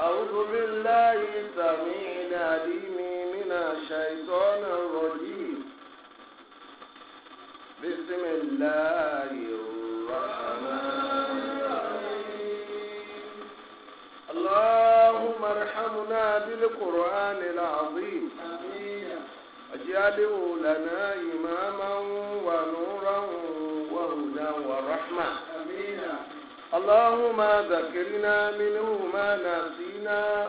أعوذ بالله السميع العليم من الشيطان الرجيم بسم الله الرحمن الرحيم اللهم ارحمنا بالقرآن العظيم اجعله لنا إماما ونورا وهدى ورحمة اللهم ذكرنا منه ما نسينا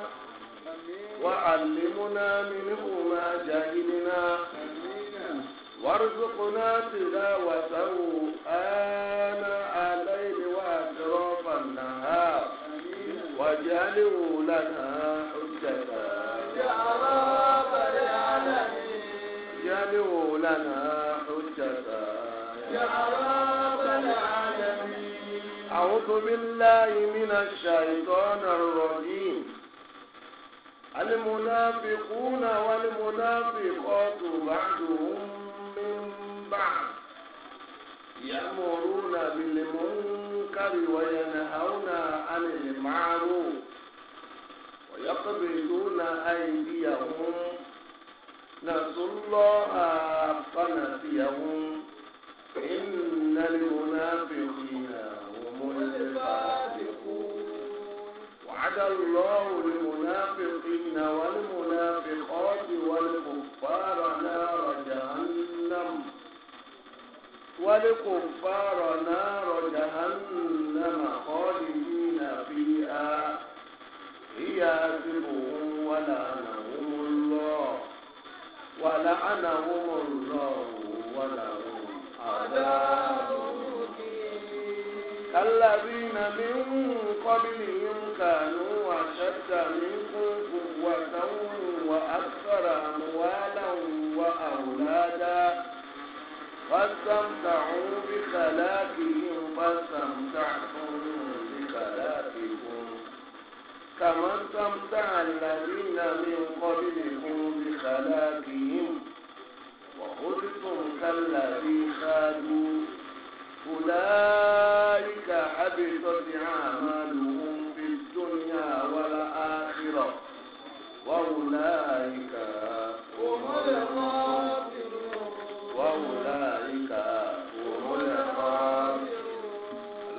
وعلمنا منه ما جهلنا وارزقنا تلاوته آناء الليل وأطراف النهار واجعله لنا حجة يا رب العالمين اجعله لنا حجة يا رب العالمين أعوذ بالله من الشيطان الرجيم المنافقون والمنافقات بعدهم من بعد. يأمرون بالمنكر وينهون عن المعروف ويقبضون أيديهم نسوا الله فنسيهم إن المنافقين na-afiqighi na nwande kpụkparọna-arọdahaama ọdịia iyiibụ ana wụụlụaụ من قبلهم كانوا أشد منكم قوة وأكثر أموالا وأولادا فاستمتعوا بخلاقهم فاستمتعتم بخلاقكم كما استمتع الذين من قبلكم بخلاقهم وخذتم كالذي خادوا oleika adtoi ha ha anwe nri toyawala arirọ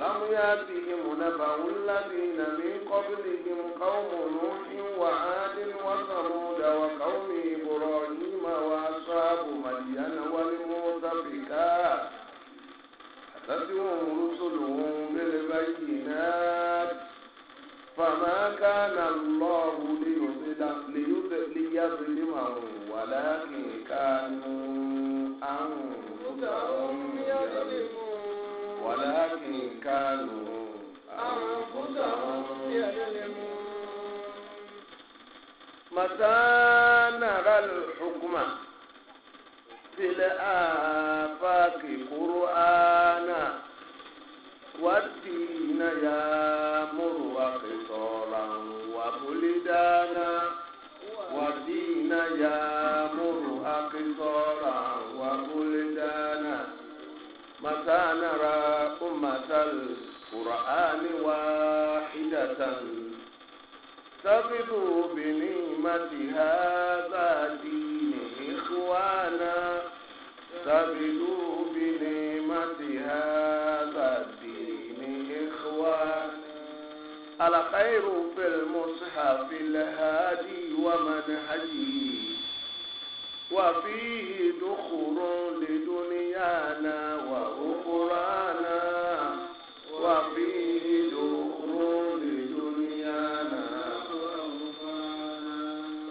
lamya dighịm nabwladna kọblim kaụmụrụ ịwa رسلهم بالبينات فما كان الله ليظلمهم ولكن كانوا أنفسهم يظلمون ولكن كانوا أنفسهم يظلمون متى نرى الحكم في الآفاق قرآنا والدين يامر قصارا وبلدانا والدين يامر قصارا وبلدانا متى نرى أمة القرآن واحدة تغدو بنعمة هذا دين إخوانا تغدو بنعمة هذا الخير في المصحف الهادي ومنهجي وفيه دخول لدنيانا وأخرانا وفيه دخول لدنيانا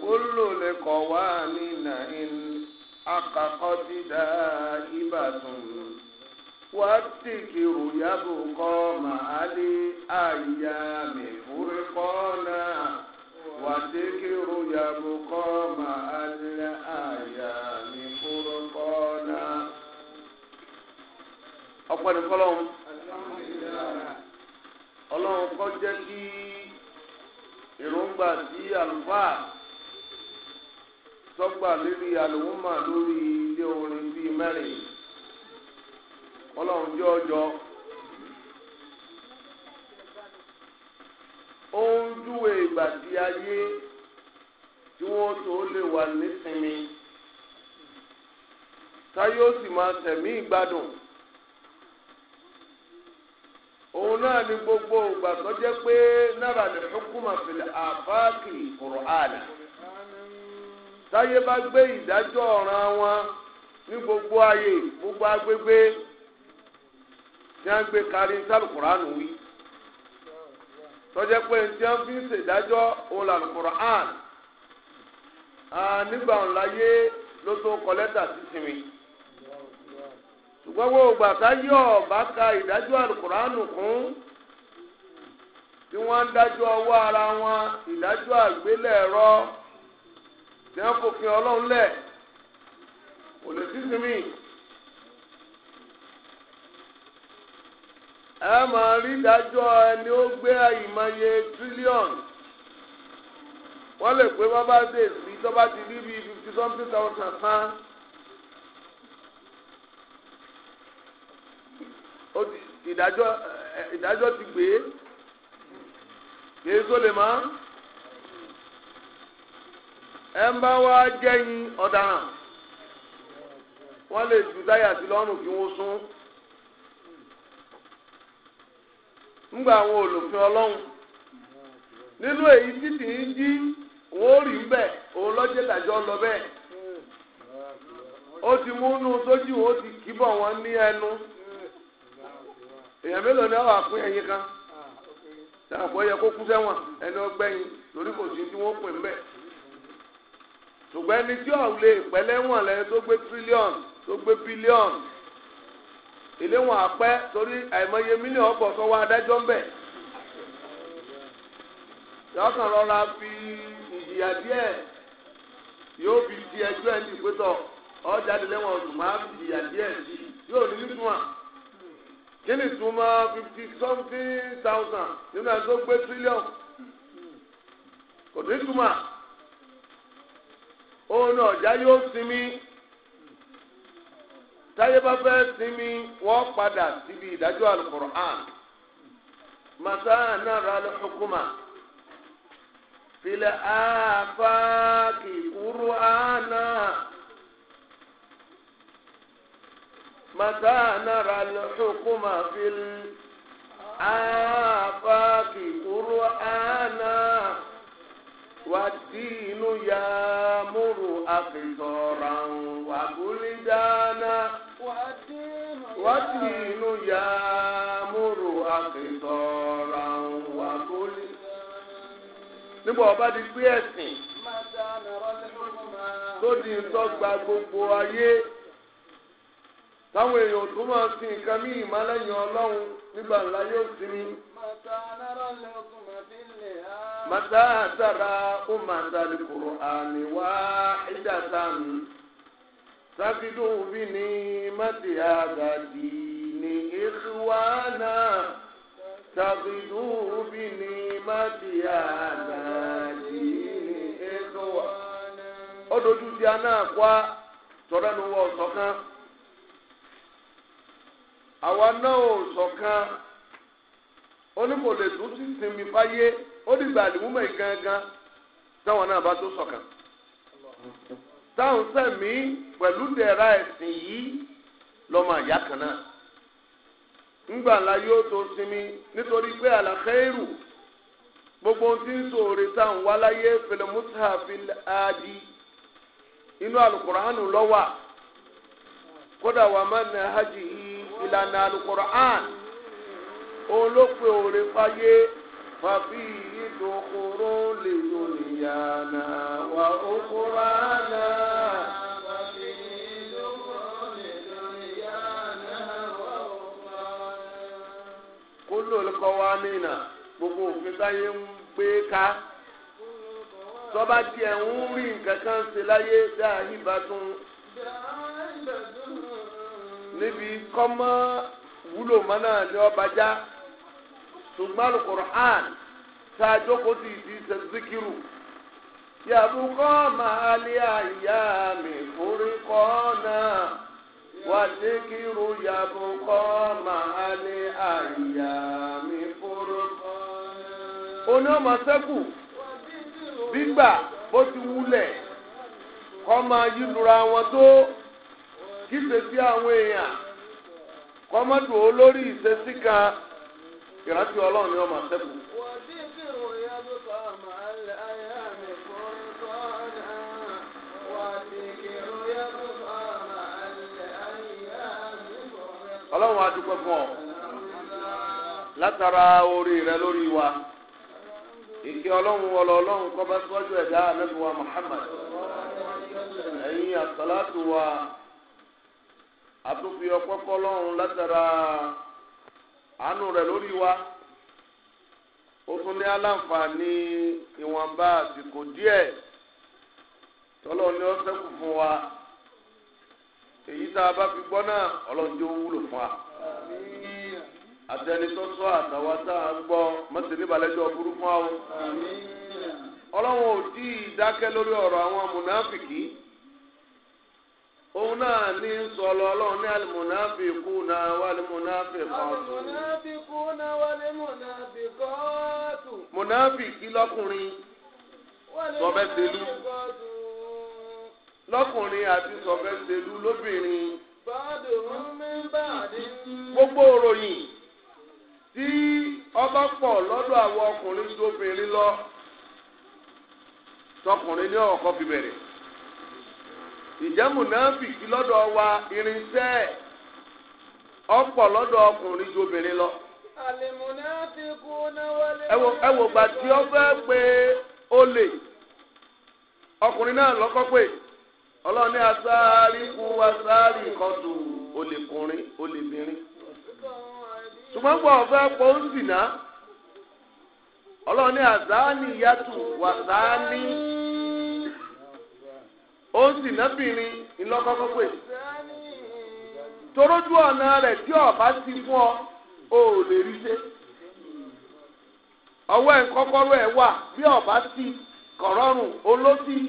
كل لقوانين إن أققت دائبة والذكر يبقى مع kọ فرقانا والذكر يبقى مع الأيام فرقانا ọpẹ́ ní fọ́lọ́run Ọlọ́run kọ jẹ́ kí èròǹgbà tí àlùfáà sọgbà lórí àlùwùmà ọlọ́run jẹ́ ọjọ́ ó ń ìgbà tí ayé tí wọ́n tó lè wà nísinmi táyé ó sì máa tẹ̀mí ìgbádùn òun náà ni gbogbo ìgbà tó jẹ́ pé náírà lè hukuma fil afaqi Qur'ana táyé bá gbé ìdájọ́ ọ̀ràn wọn ní gbogbo ayé gbogbo agbègbè. tí wọ́n gbé kárí sálùkùránù wí tọ́jẹ́ pé tí wọ́n fi ń ṣèdájọ́ òun làlùkùránù nígbà wọn láyé ló tó kọ lẹ́tà sí sinmi ṣùgbọ́n wo gbàtà yọ̀ bá ka ìdájọ́ àlùkùránù kún tí wọ́n ń dájọ́ ọwọ́ ara wọn ìdájọ́ àgbélẹ̀rọ tí wọ́n fòfin ọlọ́run lẹ̀ kò lè sí sinmi. ẹ máa rí ìdájọ́ ẹni ó gbé ìmọye trillion. wọ́n lè pé bábá dé sí tọ́ba ti rí bíi fifty something thousand san ìdájọ́ ìdájọ́ ti gbé kìí sólè mọ́ ẹ ń bá wá jẹ́yìn ọ̀daràn wọ́n lè jù táyà sí lọ́rùn kí wọ́n sún. ńgbà àwọn olùfin ọlọ́run nínú èyí tí kì í jí wọ́n rí ń bẹ̀ òun lọ́jẹ́ tàjọ́ lọ bẹ́ẹ̀ ó ti mú inú sójú ó ti kíbọ̀ wọn ní ẹnu èèyàn mélòó ni àwọn àpín ẹyin kan sàpọ̀ yẹ kó kú sẹ́wọ̀n ẹni ọgbẹ́yìn lórí kò sí tí wọ́n pè ń bẹ̀ ṣùgbọ́n ẹni tí ò lè pẹ́ lẹ́wọ̀n ilé wọn àpẹ́ torí àìmọye mílíọ̀nù ọ̀pọ̀ sọ́wọ́ adájọ́ ń bẹ̀. yọkàn rọra fi ìjìyà díẹ̀ yóò fi di ẹjọ́ ẹ̀ ní lẹwọn ọ̀jáde lẹ́wọ̀n ọ̀dùnmá ìjìyà díẹ̀ yóò ní nínú à. kí ni ìtumọ̀ fifty something thousand nínú ẹ̀ tó gbé tírílíọ̀nù kò ní ìtumọ̀ òun náà yóò sinmi. táyé bá fẹ́ sinmi wọ́n padà síbi ìdájọ́ alukur'an masa nara alukuma filẹ̀ afaaki kur'ana masa nara alukuma filẹ̀ afaaki kur'ana wàdìínú yàmúrù àfẹsọ̀ràn wàbúlídàánà. والدين يامر أقصارا وكل nígbà ọba di pé ẹ̀sìn tó di ìtọ́gba gbogbo ayé táwọn èèyàn tó máa sin nǹkan ní ìmọ̀lẹ́yìn ọlọ́run nígbà ńlá yóò sinmi. màtá àtàrà ó màtá lè kúrò àmì wá ìjà sáà mi. سجدوا بنعمة هذا دين إخوانا سجدوا بنعمة هذا دين إخوانا أدوتو سيانا أقوى sọ̀rọ̀ nu wọ sọ̀kan àwa náà ò sọ̀kan onímọ̀lẹ̀ tó ti sinmi o ó dìgbà àdìmúmọ̀ ìgangan táwọn táwọn sẹ̀mí pẹ̀lú dẹ̀ra ẹ̀sìn yìí lọ́mọ ìyá kan náà ńgbà ńlá yóò tó sinmi nítorí pé àlàkẹ́rù gbogbo ohun tí ń sòrè táwọn wá láyé fi adi inú alukóránù lọ́wà kódà wà má nà hajj yìí ìlànà alukóránù òun ló pe òrè fáyé wà ìdókòrò lè lò níyànà wà ó kóra. lòlùkọ́ wa mìnà gbogbo òfin táyé ń gbé ká tọ́ba tiẹ̀ ń rí nǹkan kan ṣe láyé dáa yíba tún níbi kọ́mọ́ wúlò mọ́nà ní ọba já ṣùgbọ́n alukur'an tá a jókòó ti di sẹ́síkìrù yàtúkọ́ màálí àyà mi forí kọ́ náà. ya والذكر يبقى مع الأيام فرقا Oní ọmọ sẹ́kù gbígbà bó ti wúlẹ̀ kọ́ máa yílura wọn tó kíṣe sí àwọn èèyàn kọ́ mọ́tò olórí ìṣesí kan ìrántí ọlọ́run ọmọ sẹ́kù. ọlọ́run wa dúpẹ́ fún ọ látara orí rẹ wa ọlọ́run wọlọ ọlọ́run kó bá síwájú ẹ̀dá ànábì Muhammad ẹ̀yin àsálàtù wa àtúnfi ọpẹ́ fọ́lọ́run látara àánú rẹ lórí wa ó tún ní aláǹfààní ìwọ̀nba àsìkò díẹ̀ tọ́lọ́ ni ó èyí tá a bá fi gbọ́ náà ọlọ́run wúlò fún wa. àtàwọn tá a gbọ́ mọ́sẹ̀lẹ́ burú fún o. ọlọ́run ò tí ì dákẹ́ lórí ọ̀rọ̀ àwọn mùnáfìkì. òun náà ní sọlọ ọlọ́run ní al lọ́kùnrin sọ bẹ́ẹ̀ lọ́kùnrin àti sọ̀fẹ́sẹ̀lú lóbìnrin. gbogbo òròyìn tí ọba pọ̀ lọ́dọ̀ àwọn ọkùnrin tó lọ tọkùnrin ní ọ̀kọ́ fi bẹ̀rẹ̀. ìjẹ́mù náà fìkì lọ́dọ̀ wa irinṣẹ́ ọ̀pọ̀ lọ́dọ̀ ọkùnrin tó lọ. ẹ wò gbà tí ọ fẹ́ pé ó lè ọkùnrin náà lọ́kọ́ pé. ọlọ́ni asáárì kú asáárì olèkùnrin olèbìnrin ṣùgbọ́n gbọ́ ọ̀fẹ́ pọ̀ ń dìná ọlọ́ni asáánì yàtù wàsáánì ó ń dìnábìnrin ìlọ́kọ́kọ́ pè torójú ọ̀nà rẹ̀ ti fún ọ ò lè rí ṣe ọwọ́ ẹ̀ kọ́kọ́rọ́ ẹ̀ ti kọ̀rọ̀rùn olóṣì.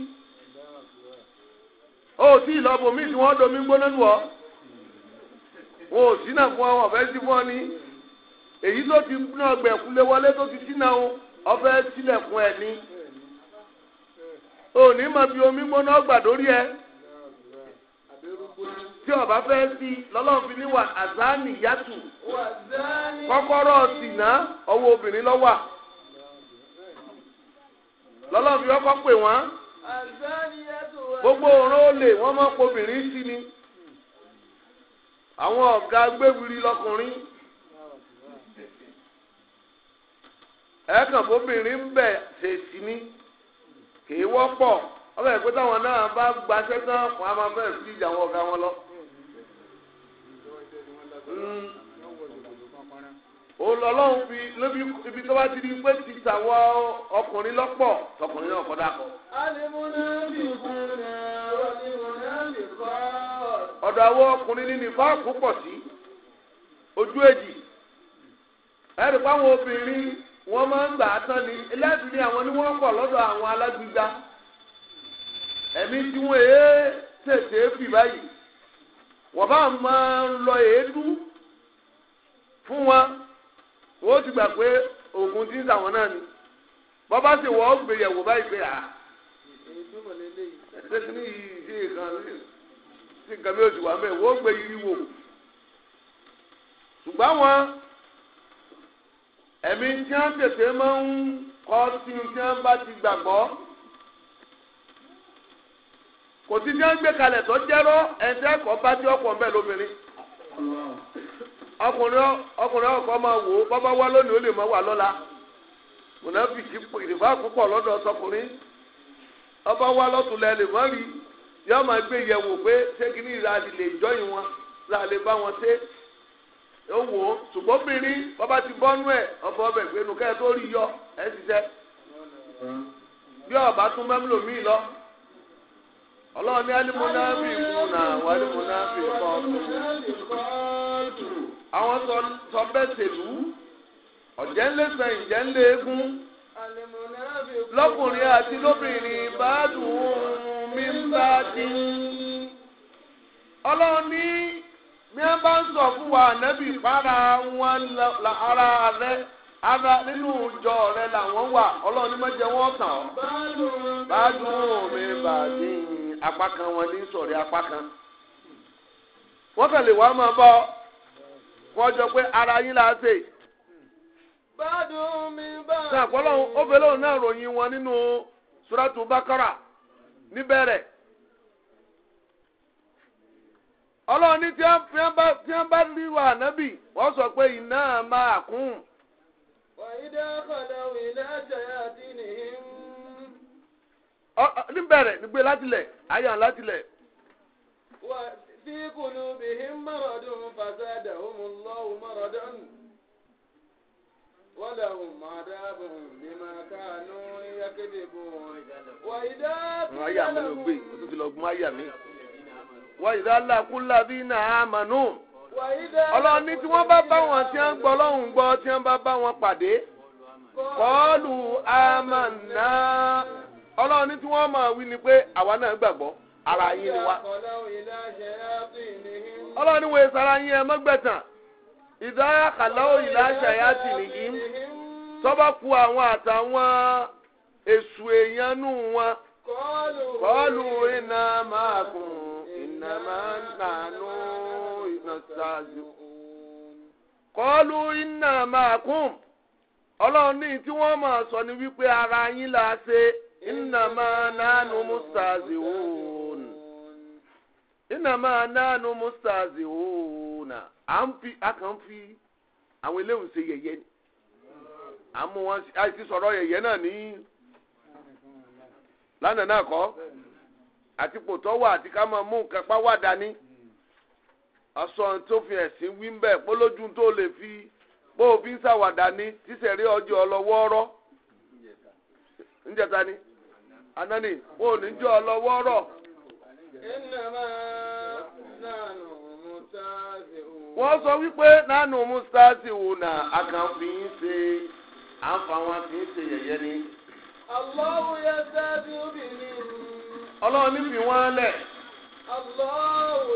ó sì lọ́bù mí tí wọ́n domi gbóná lù ọ́ wọn ò sínà fún ọ wọn fẹ́ sí fún ọ ní èyí tó ti náà gbẹ̀kúlé wọlé tó ti sínà o ọfẹ́ sílẹ̀kùn ẹ̀ ní òní máa fi omi gbóná ọgbà lórí ẹ tí ọba fẹ́ sí lọ́lọ́run fi ní wà àzáàní yàtù kọ́kọ́rọ́ sìnà ọwọ́ obìnrin lọ́wà lọ́lọ́run fi ọkọ̀ pè wọ́n gbogbo òró olè wọ́n máa ń pobìnrin sí ni àwọn ọ̀gá gbéwìrì lọkùnrin ẹ̀ẹ̀kan fóbìnrin ń bẹ̀ ṣèṣì ni kì í wọ́pọ̀ ọbẹ̀ yẹn pé táwọn náà bá gbaṣẹ́ tán wọn á máa fẹ́ fi ìjà wọn ọ̀gá wọn lọ. olọ́lọ́run fi ibi tó bá ti di pé ti tàwọn ọkùnrin lọ́pọ̀ tọkùnrin náà kọ́ dà kọ́ ọ̀dọ̀ àwọn ọkùnrin ní nìfáàkù pọ̀ sí ojú èjì ẹ̀rì fáwọn obìnrin wọ́n máa ń gbà á tán ni ẹlẹ́dùn ni àwọn ni wọ́n pọ̀ lọ́dọ̀ àwọn alágbèéga ẹ̀mí tí wọ́n èé tètè fì báyìí wọ́n bá máa ń lọ èédú fún wọn wọ́n ti gbà pé oògùn ti ń sàwọn náà ni bọ́ sì wọ́n gbé yẹ̀wò báyìí pé àá. ṣé kí ni yìí ṣe kan ṣe nǹkan bí oṣù wà mẹ́ẹ̀ wọ́n ṣùgbọ́n wọn ẹ̀mí tí wọ́n tètè máa ń kọ́ sí tí wọ́n bá ti gbàgbọ́ kò sí tí wọ́n gbé kalẹ̀ tó jẹ́rọ́ ẹ̀ńtẹ́ kọ́ bá tí lómìnirin ọkùnrin ọba wa lọ́tún lẹ́lẹ̀ mọ́ rí yọ máa gbé yẹ̀wò pé ṣé kí ní ìlà lè jọyìn wọn là lè bá wọn ṣe ó wò ó ṣùgbọ́n obìnrin bàbá ti bọ́nú ẹ̀ ọba ọbẹ̀ gbénu kẹ́ ẹ tó rí yọ ẹ ṣiṣẹ́ bí ọba tún mẹ́mìlò míì lọ ọlọ́run ní alimúnábì múnà àwọn alimúnábì kọ́ọ̀tù àwọn sọ bẹ́ẹ̀ tèlú ọ̀jẹ̀ ńlẹ̀ sọ ìjẹ́ ńlẹ̀ eégún lọ́kùnrin àti lóbìnrin bàdùn mi ń bá di. ọlọ́run ní bí wọ́n bá ń sọ fún wa ànábì para wọn ara rẹ ara nínú ìjọ rẹ làwọn wà ọlọ́run ní mọ́jẹ wọn kàn ọ́. bàdùn mi bá di apá kan wọn ní sọ̀rí apá kan. wọ́n kàn lè máa bọ́ wọ́n jọ pé ara yín la ṣe. bádùn mi náà ròyìn wọn nínú suratu bakara níbẹ̀rẹ̀. ọlọ́run ní tí wọ́n bá rí wa ànábì wọ́n sọ pé iná máa kún. wàyídá kọ̀dọ̀ ìlà jẹ̀yà dín nìyí níbẹ̀rẹ̀ wà á bìhín mọ́rọ̀dún lọ́wọ́ mọ́rọ̀dún. ولهم عذاب بما كانوا يكذبون وإذا وإذا لقوا الذين آمنوا ọlọ́run ní tí wọ́n bá bá wọn tí wọ́n gbọ́ lọ́hùn gbọ́ tí wọ́n bá bá wọn pàdé kọ́ọ̀lù àmàna ọlọ́run ní tí wọ́n máa wí ni pé àwa náà gbàgbọ́ ara yín ni wa ọlọ́run ní wo ìsara yín ẹ mọ́gbẹ̀tàn ìdá àkàláwò ìlà ṣàyàtì nìyí tọ́ba ku àwọn àtàwọn èṣù èèyàn nù wọn. kọ́ọ̀lù iná máa kùn iná máa nànú iná ṣáájú. kọ́ọ̀lù iná máa kùn ọlọ́run ní tí wọ́n máa sọ ni wípé ara yín la ṣe iná máa nánú mùsàzì òun. iná máa nánú mùsàzì òun náà. à ń a kàn fi àwọn eléwòn ṣe yẹ̀yẹ́ ni àmú wọn àti sọrọ yẹ̀yẹ́ náà ní lánàá náà kọ́ àti pòtọ́ wà àti ká máa mú nǹkan pa wà dání aṣọ tó fi ẹ̀sìn wí ń bẹ̀ pólójú tó lè fi bó o fi ń ṣàwàdà ní tíṣẹ̀rí ọjọ́ ọlọ́wọ́ọ́rọ́ ńjẹta ni anani bó ni ní jọ ọlọ́wọ́ọ́rọ́. ìnáwó náà ló mú tá wọ́n sọ wípé nánú mustasi wù nà àkànfìyín ṣe àǹfààwọn tí ṣe yẹ̀yẹ́ ni. Allahu yẹ sábì obìnrin. ọlọ́run ní fi wọ́n lẹ̀.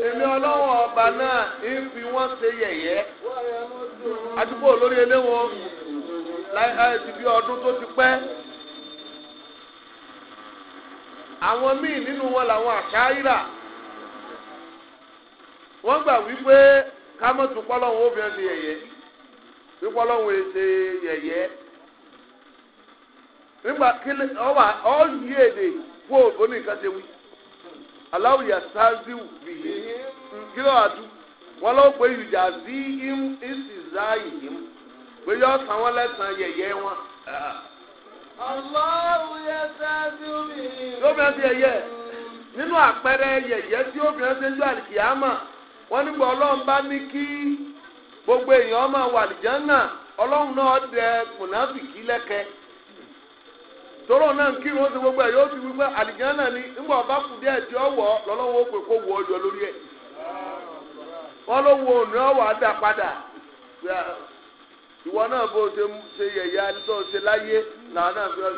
èmi ọlọ́run ọba náà ń fi wọ́n ṣe yẹ̀yẹ́. àdúgbò olórí eléwọ̀n Láì ti bí ọdún tó ti pẹ́. àwọn míì nínú wọn làwọn àṣà rà. wọ́n gbà wípé kámọ́ tún pọ́lọ́hún ó fi ẹ́ fi yẹ̀yẹ́ bí pọ́lọ́hún ẹ̀ ṣe yẹ̀yẹ́ nígbà kílẹ̀ de ọ̀yí èdè kó o ní nǹkan ṣe wí aláwọ̀ yà sáájú bì í kílọ̀ àdú wọn lọ́wọ́ pé ìjà sí ìsìnzá yìí pé yọ san wọn lẹ́sàn yẹ̀yẹ́ wọn. aláwọ̀ yà bi bì í. lóbi ẹ ti yẹ̀yẹ́ nínú àpẹẹrẹ tí wọ́n nígbà ọlọ́run bá ní kí gbogbo èèyàn máa wà àlìjánà ọlọ́run náà dẹ mùnáfìkì lẹ́kẹ́ toro náà kírun ó ti gbogbo ẹ̀ yóò fi wípé àlìjánà ni nígbà ọba kù díẹ̀ tí ó wọ̀ lọ́lọ́run ó kó wọ ọyọ lórí ló wo òní ọ̀wọ́ àdá padà ìwọ náà bó ṣe ṣe yẹ̀yẹ́ alẹ́tọ́ ṣe láyé làwọn náà fi ọ́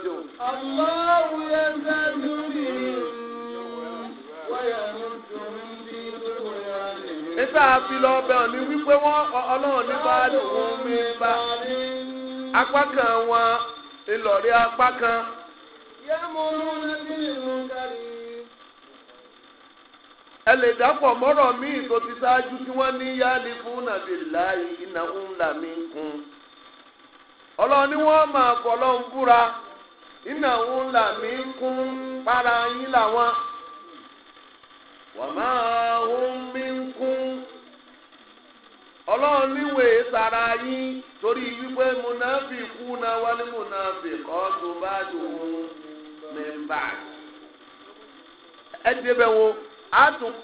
nígbà fi lọ ọbẹ̀ òní wípé wọn ọlọ́run ní bá dùn mí bá apá kan wọn ìlọ̀rí apá kan. ẹ lè dápọ̀ mọ́rọ̀ míì tó ti ṣáájú kí wọ́n ní yáàlì fún nàbì láàyè ìnáwó ńlá mi kún. ọlọ́run ni wọ́n máa kọ́ lọ́n búra ìnáwó ńlá mi kún para yín làwọn. wàmáà ń mi. ọlọ́run sara yín torí wípé munafi kú na wálé munafi kọ́ tó bá dùn mẹ́mbà. ẹ wo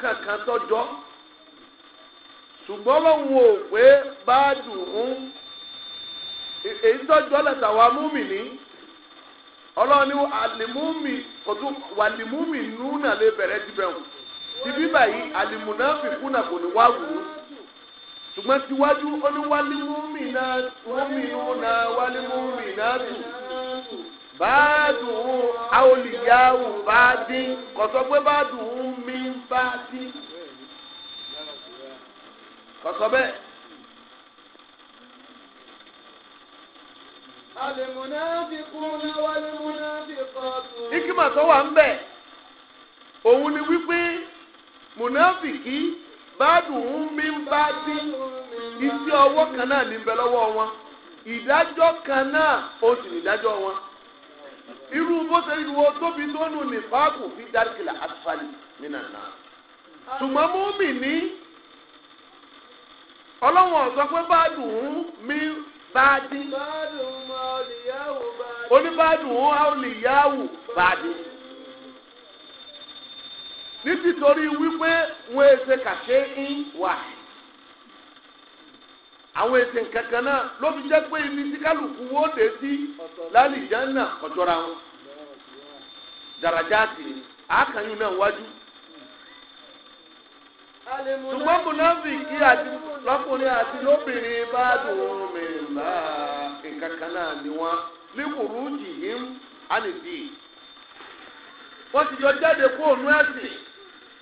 kankan tọ́jọ́ ṣùgbọ́n lọ́wọ́ pé bá dùn èyí tọ́jọ́ wa ní ọlọ́run ní ọdún kòtún wàlimumi nù nà lè báyìí kú kò ní wá wù ú. ṣùgbọ́n síwájú ó ní wálímúmi náà múmínú náà wálímúmi náà tù báàdùn àwòlìyáwò bá dín kò sọ pé báàdùn mi bá dín kò sọ bẹ́ẹ̀. Àlèmùnáfikúnà wàlèmùnáfikọ́tù. Ikima tó wà ń bẹ̀, òun ni wípé mùnáfikì báàdù ń mi ń bá dín iṣẹ́ ọwọ́ kan náà ní bẹ lọ́wọ́ wọn ìdájọ́ kan náà ó sì ní ìdájọ́ wọn irú bó ṣe ìwọ tóbi tó nù ní páàkù fi dárìkìlà asfali nínà náà ṣùgbọ́n mú mi ní ọlọ́wọ́n sọ pé báàdù ń mi bá dín oníbàdùn ó àwòlìyáwò bá dín títí torí wípé wọn èsè kàṣe ń wà àwọn èsè kankan náà ló fi jẹ́ pé ibi tí kálukú wó dé sí lálìjánnà ọ̀jọ̀ra wọn dàrájáàtì àákànyìn náà wájú ṣùgbọ́n mùnàfì kí àti lọ́kùnrin àti lóbìnrin bá dùn mí bá nǹkan náà ni wọ́n líkùrú jìhìm ánìdí wọ́n ti jọ jáde kó ònú ẹ̀sìn.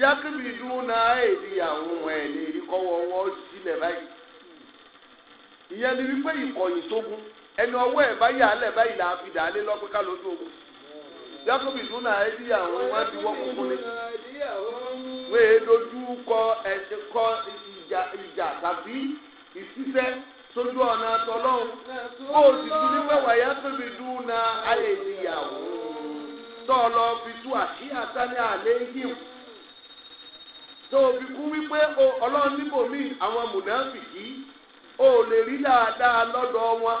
yakibi duna èdè àwọn ẹ̀lẹ́ èdè kọ́wọ́ wọ́ sílẹ̀ báyìí ìyẹn ni wípé ìkọ̀yìn sógun ẹni ọwọ́ ẹ̀ báyìí alẹ̀ báyìí là á fi dàálé lọ́pẹ́ ká lójú ogun yakibi duna èdè àwọn wọn ti wọ́ kúkú ni wọ́n èé dojú kọ ẹ̀sìn kọ ìjà tàbí ìṣiṣẹ́ sójú ọ̀nà tọ́lọ́hún kó o sì tún ní pẹ̀wà yakibi duna alẹ̀ èdè àwọn tọ́ ọ lọ fi tú àṣíyàtá ní àlẹ́ So o fi kú wípé ọlọ́run níbò míì àwọn mùnàfìkì o lè rí dáadáa lọ́dọ̀ wọn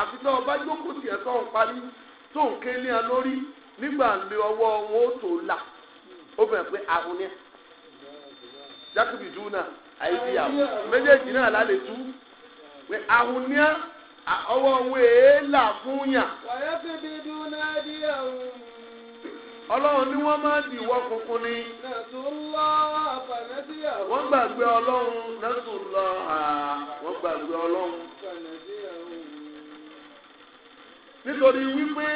àfi tó o bá jókòó tiẹ̀ tó ń parí tó ń ké ní ẹ lórí nígbà lé ọwọ́ wọn ó tó la ó bẹ̀rẹ̀ pé àrùn ni jákèbí dùn náà àìsí àwọn méjèèjì náà lálẹ́ tú pé àrùn ni ọwọ́ wọn èé là fún yàn. wàyà fi dùn náà di àwọn ọlọ́run ní wọ́n máa di ìwọ funfun ni. wọ́n gbàgbé ọlọ́run nẹ́tù lọ wọ́n gbàgbé ọlọ́run. nítorí wípé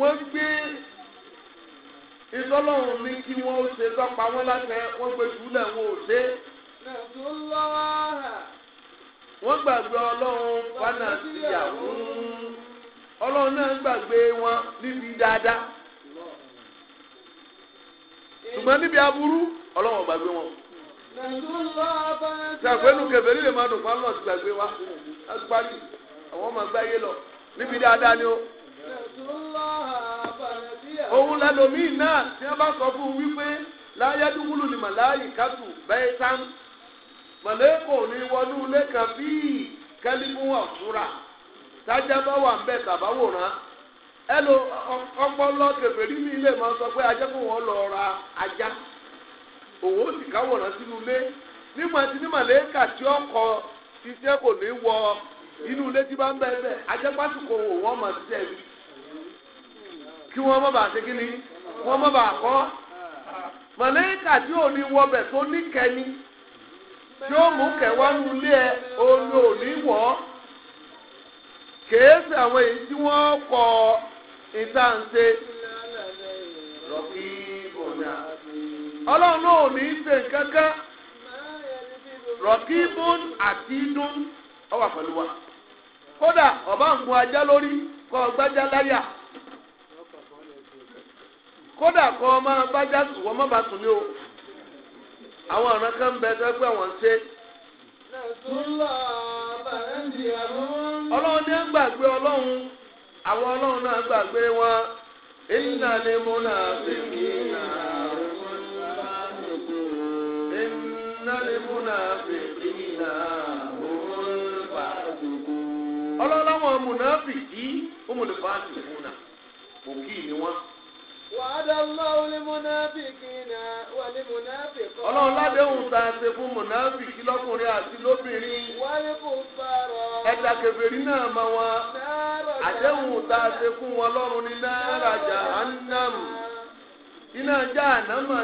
wọ́n gbé ìtọ́lọ́run ní kí wọ́n ó ṣe tọ́pa wọn láṣẹ wọ́n gbé jùlẹ̀ wọn ò dé. wọ́n gbàgbé ọlọ́run wọn náà ti yà wọ́n ọlọ́run náà gbàgbé wọn níbi dáadáa ṣùgbọ́n níbi aburú ọlọ́wọ́n gbàgbé wọn. ṣàgbénu kẹfẹ́ líle máa dùn fún ọlọ́ọ̀sì gbàgbé wa láti parí àwọn ọmọ gbáyé lọ níbi dáadáa ni ó. òun lẹ́lòmíì náà tí wọ́n bá sọ fún un wípé láyé dúkúlù ni màláyì kátù bẹ́ẹ̀ tán mọ̀lẹ́kọ̀ ni wọnú ilé kan bíi kẹ́lífún ọ̀túnra tájà bá wà ń bẹ̀ tàbáwòrán ẹlò ọpọlọ kẹfẹrí mi lè máa sọ pé ajá kò wọ́n lọ ra ajá òwò sì káwọ̀rán sínú ilé nígbà tí ní màlẹ́kà tí ó kọ iṣẹ́ kò ní wọ inú ilé tí bá ń bẹ́ẹ̀ bẹ́ẹ̀ ajá pásítọ̀ wò wọ́n mọ̀ sí ẹ̀rí kí wọ́n má bàa ṣe kí ni wọ́n má bàa kọ́ màlẹ́kà tí ò ní wọ bẹ̀ tó ní kẹ́ni tí ó mú kẹwàá ilé ẹ olóòní wọ̀ kèé sàwọn èyí tí wọ́n kọ́ ọ. ìta ń ọlọ́run ò ní í ṣe nǹkan kan rọ̀bì àti dùn ọ wà pẹ̀lú wa kódà ọba ń gun ajá lórí kọ́ gbájá láyà kódà kọ́ ọmọ bájá sùn wọ́n ní o àwọn ọ̀ràn kan ń bẹ wọ́n ṣe. àwọn ọlọ́run náà gbàgbé wọn iná ni mo náà fi kí náà iná ni mo náà fi kí náà ọlọ́lọ́wọ́ mùnàfìkì ọmọlùfàásìkúnà òkì ni wọ́n. wàhálà ọlọ́run ní mùnàfìkì náà wà ní mùnàfìkì. ọlọ́run ládéhùn tá ṣe fún lọ́kùnrin àti lóbìnrin. kò náà náà àdéhùn tá a ṣe fún wọn lọ́rùn ní náírà jahannam iná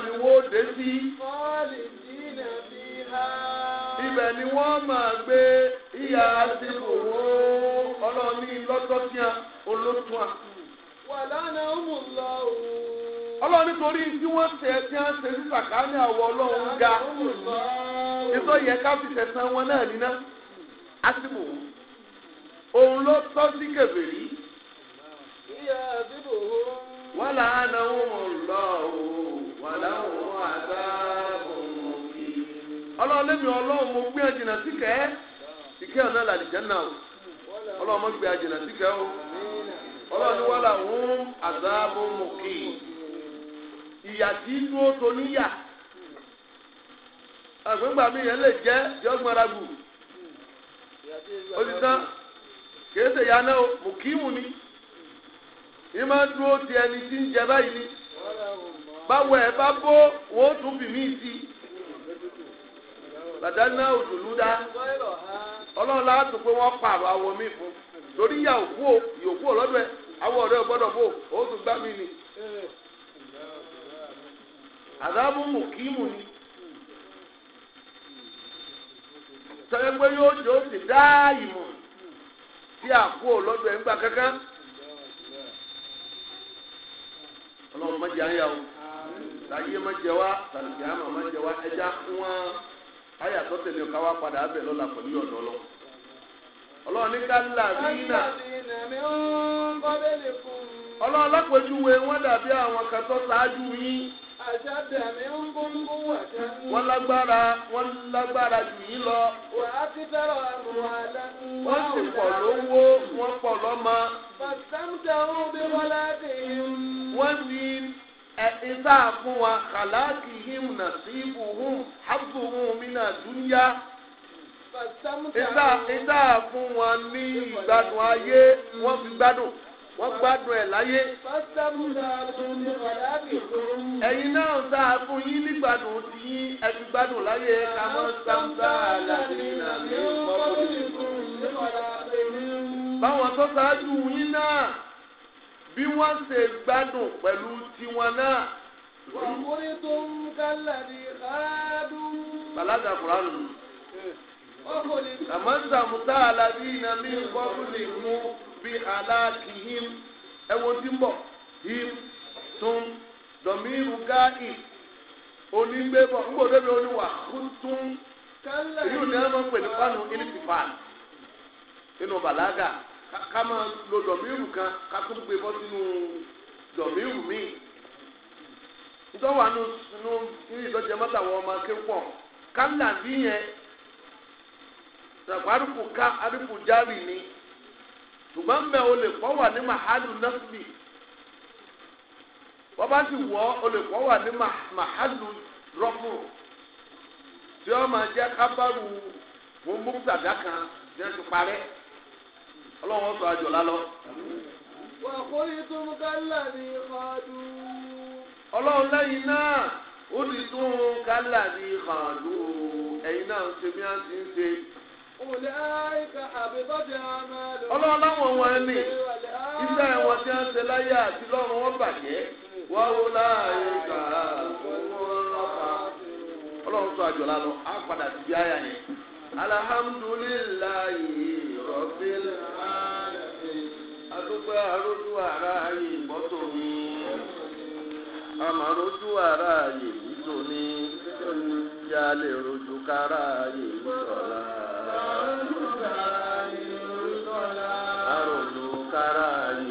ni wọ́n dé sí. ibẹ̀ ni wọ́n máa gbé ìyá àti òwò ọlọ́ọ̀ni lọ́tọ́tíà olótùà. wàlánà ọmọ ńlá o. ọlọ́ọ̀ni torí tí wọ́n ṣe tí wọ́n ṣe sí sàkáàní àwọ̀ ọlọ́run ga. ìtọ́ yẹ ká fi tẹ̀sán wọn náà níná. àti òun ló tọ́ sí kèbèrí. wọ́n là lọ o wà láwọn àgbà òmùkì. ọlọ́run lẹ́mi ọlọ́run mo gbé ẹ̀jìnà síkẹ́ ìkẹ́ ọ̀nà làlìjẹ́ náà o ọlọ́run mo gbé síkẹ́ o ọlọ́run ìyà tí níyà àgbẹ̀gbà mi yẹn lè jẹ́ ara kìí ya na náà mùkímù ni ní máa ń ti ẹni tí ń jẹ báyìí ni báwo ẹ bá bó wọn tún bìmí sí i bàtà náà òdòlú dá ọlọ́run láti pé wọ́n pààrọ̀ àwọn míì fún torí ya òkú o ìyókù ò lọ́dọ̀ ẹ àwọn ọ̀rẹ́ ò gbọ́dọ̀ bò ó tún gbá mi tí àkó lọ́dọ̀ ẹ̀ ń gbà kankan. ọlọ́run má jẹ àyà o láyé má jẹ wá tàbí àmà má jẹ wá ẹja wọn àyà tó tẹ̀lé ọ̀ká wá padà abẹ lọ́la pẹ̀lú ọ̀dọ́ lọ. ọlọ́run ní ká ọlọ́run dàbí àwọn kan tó ṣáájú yín. àṣàdà mi ń gbóngbó wà tán. wọ́n lágbára wọ́n lágbára jù yín lọ. wà á ti fẹ́ràn àrùn àlá. wọ́n sì pọ̀ lówó wọ́n pọ̀ lọ́mọ. bàtàmùtà ń bí wọlé dè yín. wọ́n fi ẹ̀sìn tá fún wa kàláàkì him nàṣíbù hùm hàbùhùn mí nà dúnyá ìdá ìdá fún wọn ní ìgbádùn ayé wọn fi gbádùn wọ́n gbádùn ẹ̀ láyé. ẹ̀yin náà ń sáà fún yín nígbàdùn ti yín ẹ̀fí gbádùn láyé kàmọ́ sáńsá àlàdínà ní ọ̀pọ̀lọpọ̀. báwọn tó ṣáájú yín náà bí wọ́n ṣe gbádùn pẹ̀lú tiwọn náà. wàmúrí tó ń kálẹ̀ ní káàdùn. bàlágà kúránù. ọkùnrin. kàmọ́ sáńsá àlàdínà ní ọ̀pọ̀lọpọ̀. bi halakihim ẹwọ tí ń him tún dọ̀míru gáàdì onígbébọ̀ ń gbọ́dọ̀ bí oníwà kúntún èyí ò ní ẹ̀rọ pè ní fanu ilififan nínú lo dọ̀míru kan ká tún gbé bọ́ sínú dọ̀míru míì ntọ́wà nù nù ìdọ́jẹ́ mọ́tàwọ́ ọmọ akéwọ́ kálá bí yẹn sàgbárùkù ni. ṣùgbọ́n bẹ́ẹ̀ o lè kọ́ wà ní mahadu nasbi wọ́n bá sì wọ́ o lè kọ́ wà ní mahadu rọ́pù tí wọ́n máa jẹ́ kábàrù mọ́mútàdá kan tí ti parẹ́ ọlọ́wọ́n sọ àjọ lálọ́. wà á kó yìí tó ń kálá ní ìkàdù. ọlọ́run lẹ́yìn náà ó ti tún kálá ní ìkàdù ẹ̀yin náà ṣe bí wọ́n ti ń ṣe. ọlọ́ọ̀lọ́wọ̀n wọn ni iṣẹ́ wọn tí wọ́n ṣe láyé àti wọn bàjẹ́ wọ́n wò láàyè ọlọ́run sọ àjọ lánàá á padà sí bí àyà yẹn. alhamdulillahi rabbil alamin adúgbò ara ayé ìbọ́tò mi ara rojú kára caralho.